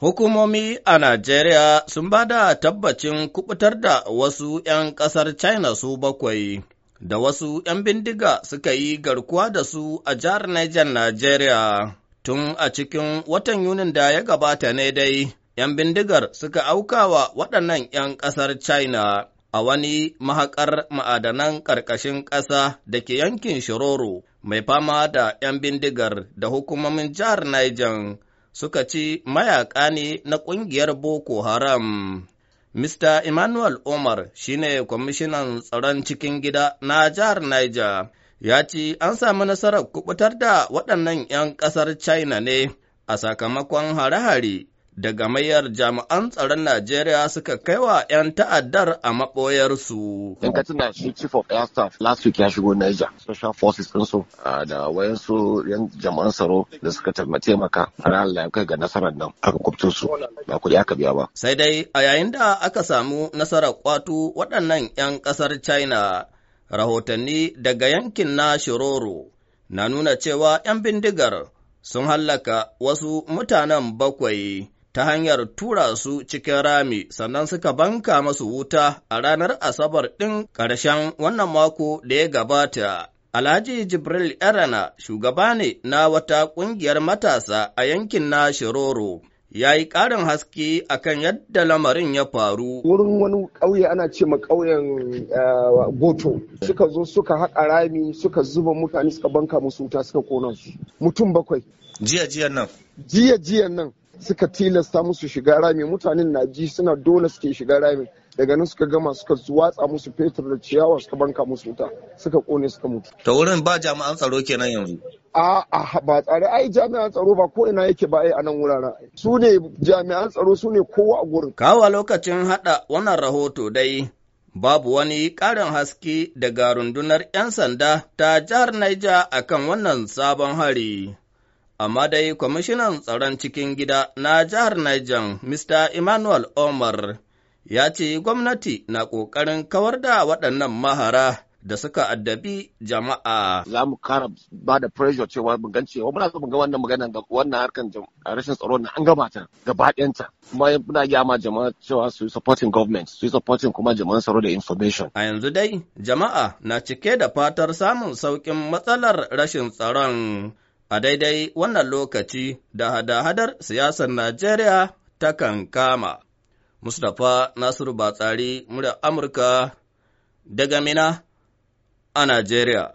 Hukumomi a Najeriya sun ba da tabbacin kubutar da wasu ‘yan ƙasar China su bakwai, da wasu ‘yan bindiga suka yi garkuwa da su a jihar Niger Najeriya. Tun a cikin watan Yunin da ya gabata ne dai, ‘yan bindigar suka aukawa waɗannan ‘yan ƙasar China a wani mahaƙar ma'adanan ƙarƙashin ƙasa da ke yankin Shiroro, mai fama da ‘yan bindigar da hukumomin jihar Niger. suka ci mayaƙa ne na ƙungiyar Boko Haram. Mr. Emmanuel Omar shi ne kwamishinan tsaron cikin gida na jihar Niger ya ce an samu nasarar kubutar da waɗannan ‘yan ƙasar China ne a sakamakon hare-hare da gamayyar jami'an tsaron Najeriya suka kai wa 'yan ta'addar a maɓoyarsu. In ka tuna shi Chief of Air Staff last week ya shigo Niger, Special Forces su da wayansu 'yan jami'an tsaro da suka maka, a ranar da kai ga nasarar nan aka kubto su ba kuɗi aka biya ba. Sai dai a yayin da aka samu nasarar kwato waɗannan 'yan ƙasar China rahotanni daga yankin na Shiroro na nuna cewa 'yan bindigar sun hallaka wasu mutanen bakwai. ta hanyar tura su cikin rami sannan suka banka masu wuta a ranar Asabar ɗin ƙarshen wannan mako da ya gabata. Alhaji Jibril Erana shugaba ne na wata ƙungiyar matasa a yankin na Shiroro. Ya yi ƙarin haske kan yadda lamarin ya faru. Wurin wani ƙauye ana ce ma ƙauyen eh, Goto. Suka zo suka haƙa rami suka zuba mutane suka banka musu wuta suka kona su. Mutum bakwai. Jiya jiyan nan. Jiya jiyan nan. suka tilasta musu shiga rami mutanen na ji suna dole suke shiga rami daga nan suka gama suka watsa musu fetur da ciyawa suka banka musu wuta suka kone suka mutu ta wurin ba jami'an tsaro kenan yanzu a a ba tsare ai jami'an tsaro ba ko ina yake ba ai a nan wuraren su ne jami'an tsaro su ne kowa a gurin kawo lokacin hada wannan rahoto dai babu wani karin haske daga rundunar 'yan sanda ta jihar Niger akan wannan sabon hari. amma dai kwamishinan tsaron cikin gida na jihar Niger, Mr. Emmanuel Omar, ya ce gwamnati na ƙoƙarin kawar da waɗannan mahara da suka addabi jama'a. Za mu kara ba da pressure cewa mun gan cewa muna so mu ga wannan magana wannan harkan rashin tsaro na an gama ta gaba ɗayanta. Kuma muna gaya ma jama'a cewa su yi supporting government, su yi supporting kuma jama'an tsaro da information. A yanzu dai jama'a na cike da fatar samun sauƙin matsalar rashin tsaron. a daidai wannan lokaci da hada-hadar siyasar Najeriya takan kama. Mustapha Nasiru Batsari, murya Amurka, daga Mina a Najeriya.